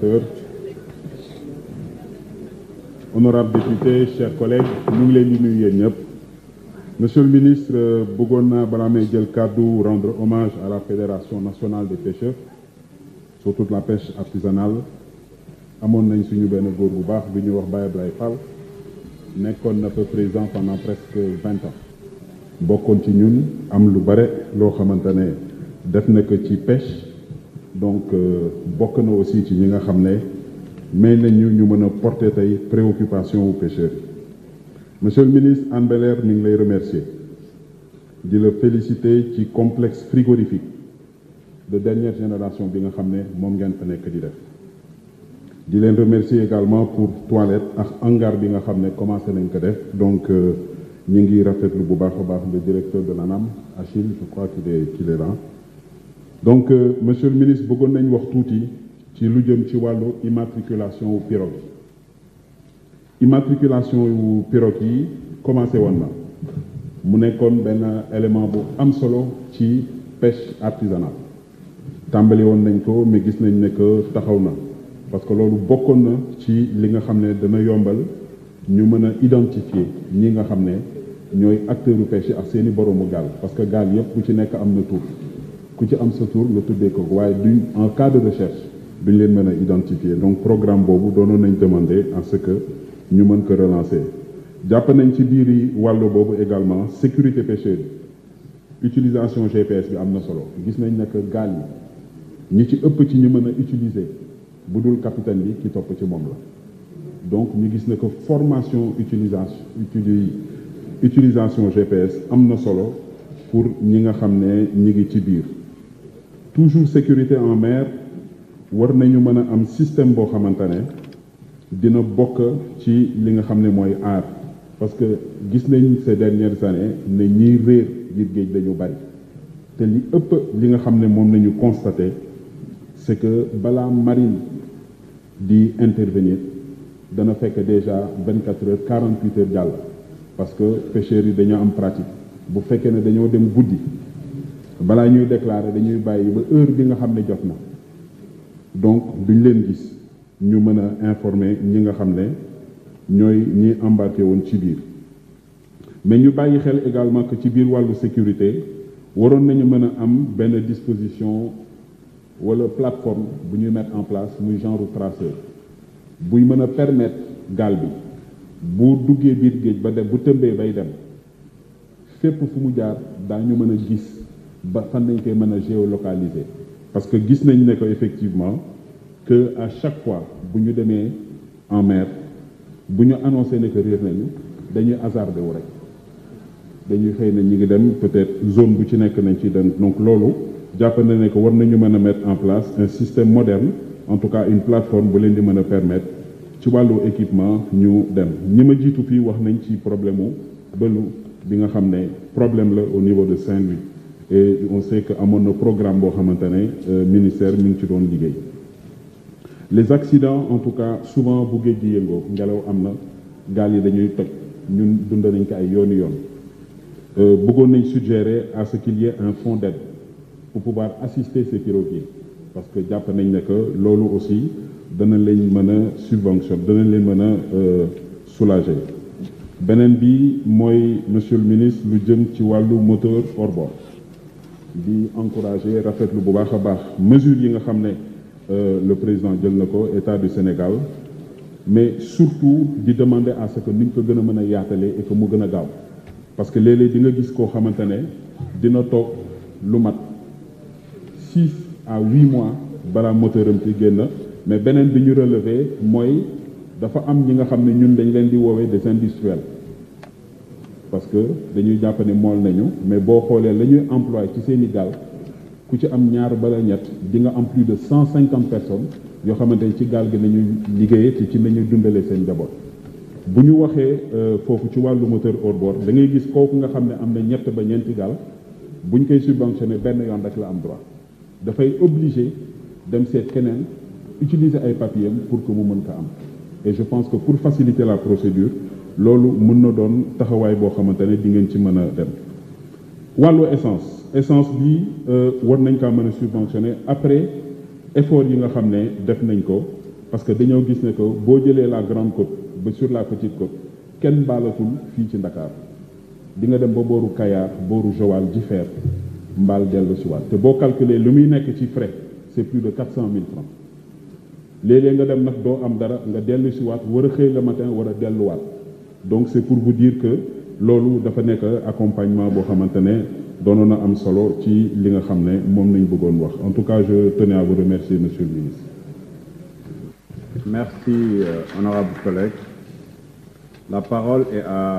rapporteur honorable député chers collègues ñu ngi leen di nuyu yéen ñëpp monsieur le ministre bëggoon naa balaa may jël kàddu rendre hommage à la fédération nationale des pêcheurs surtout de la pêche artisanale amoon nañ suñu benn góor bu baax bi ñuy wax ba Ablaye Fall nekkoon na fa président pendant presque vingt ans bokkoon ci ñun am lu bare loo xamante ne def na ko ci pêche donc euh, bokk na aussi ci ñi nga xam ne may nañu ñu mën a porter tey préoccupation wu pêcheurs yi monsieur le ministre Hann Bel-Air ngi lay remercier di la féliciter ci complexe frigorifique de dernière génération bi nga xam ne moom ngeen fa nekk di def di leen remercier également pour toilette ak hangar bi nga xam ne commencé nañ ko def donc euh, ñu ngi rafetlu bu baax a baax le directeur de l'ANAM Achille je crois qu'il est donc euh, monsieur le ministre bëggoon nañu wax tuuti ci lu jëm ci wàllu immatriculation wu pirogue yi immatriculation wu pirogue yi commencé woon na mu nekkoon benn élément bu am solo ci pêche artisanale tàmbali woon nañ ko mais gis nañ ne que taxaw na parce que loolu bokkoon na ci li nga xam ne dana yombal ñu mën a identifier ñi nga xam ne ñooy acteurs yu pêche ak seeni boroomu gaal parce que gaal yëpp ku ci nekk am na tur ku ci am sa tur nga tuddee ko waaye duñ en cas de recherche duñ leen mën a identifier donc programme boobu doonoon nañ demander à ce que ñu mën ko relancer jàpp nañ ci biir yi wàll boobu également sécurité pêcheurs utilisation GPS bi am na solo gis nañ ne que gaal yi ñi ci ëpp ci ñu mën a utiliser bu dul capitaine bi ki topp ci moom la donc ñu gis ne ko formation utilisation utilisation GPS am na solo pour ñi nga xam ne ñi ngi ci biir toujours sécurité en mer war nañu mën a am système boo xamante ne dina bokk ci li nga xam ne mooy aar parce que gis nañ ces dernières années ne ñiy réer biir géej dañu bari te li ëpp li nga xam ne moom nañu constaté c'est que balaa marine di intervenir dana fekk déjà vingt quatre heures quarante huit heures jàll parce que pêcheurs yi dañoo am pratique bu fekkee ne dañoo dem guddi balaa ñuy déclarer dañuy bàyyi ba heure bi nga xam ne jot na donc duñ leen gis ñu mën a informer ñi nga xam ne ñooy ñi embarqué woon ci biir mais ñu bàyyi xel également que ci biir wàllu sécurité waroon nañu mën a am benn disposition wala plateforme bu ñuy mettre en place muy genre traceur buy mën a permettre gaal bi bu duggee biir géej ba dem bu tëmbee bay dem fépp fu mu jaar daa ñu mën a gis ba fan lañ koy mën a géolocaliser parce que gis nañ ne ko effectivement que à chaque fois bu ñu demee en maire bu ñu annoncé ne que réer nañu dañuy hasardé wu rek dañuy xëy nañ ñu ngi dem peut-être zone bu ci nekk nañ ci dem donc loolu jàpp na ne ko war nañu mën a mettre en place un système moderne en tout cas une plateforme bu leen di mën a permettre ci wàllu équipement ñu dem ñi ma jiitu fii wax nañ ci problème mu bëlu bi nga xam ne problème la au niveau de Saint-Louis on sait que amoon na programme boo xamante ne euh, ministère mi ngi ci doon liggéey les accidents en tout cas souvent bu géej gi yëngoo ngelaw am na gaal yi dañuy toj ñun dund nañ ko ay yooni yoon euh, bëggoon nañ suggérer à ce qu'il y ait un fonds d'aide pour pouvoir assister ces yi parce que jàpp nañ ne que loolu aussi dana leen mën a subvention dana leen mën a euh, soulager beneen bi mooy monsieur le ministre lu jëm ci wàllu moteur hors di encourager rafetlu bu baax a baax mesures yi nga xam ne euh, le président jël na ko état du Sénégal mais surtout di demander à ce que ni ñu ko gën a mën a yaatalee et que mu gën a gaaw parce que léeg-léeg di gis koo xamante ne dina toog lu mat six à huit mois balaa moteuram ci génn mais beneen bi ñu relever mooy dafa am ñi nga xam ne ñun dañ leen di woowee des industriels parce que dañuy jàpp ne mool nañu mais boo xoolee la ñuy employé ci seen i gaal ku ci am ñaar bala ñett di nga am plus de cent cinquante personnes yoo xamante ne ci gaal gi nañuy liggéeyee te ci nañuy dundalee seen njaboot bu ñu waxee euh, foofu ci wàllu moteur hors bord da ngay gis kooku nga xam ne am na ñett ba ñeenti gaal bu ñu koy subventionné benn yoon rek la am droit dafay obligé dem seet keneen utiliser ay papiers pour que mu mën ko am et je pense que pour faciliter la procédure loolu mun na doon taxawaay boo xamante ne di ngeen ci mën a dem wàllu essence essence bi euh, war nañ kaa mën a subventionné après effort yi nga xam ne def nañ ko parce que dañoo gis ne ko boo jëlee la grande côte ba sur la petite côte kenn mbaalatul fii ci Ndakaar di nga dem ba booru Kayar booru Joal Jifeer mbaal dellu si te boo calculer lu muy nekk ci frais c'est plus de quatre cent mille francs léeg nga dem nag doo am dara nga dellu si waat war a xëy matin war a delluwaat donc c'est pour vous dire que loolu dafa nekk accompagnement boo xamante ne doonoon na am solo ci li nga xam ne moom nañ bëggoon wax en tout cas je tenais à vous remercier monsieur le ministre euh,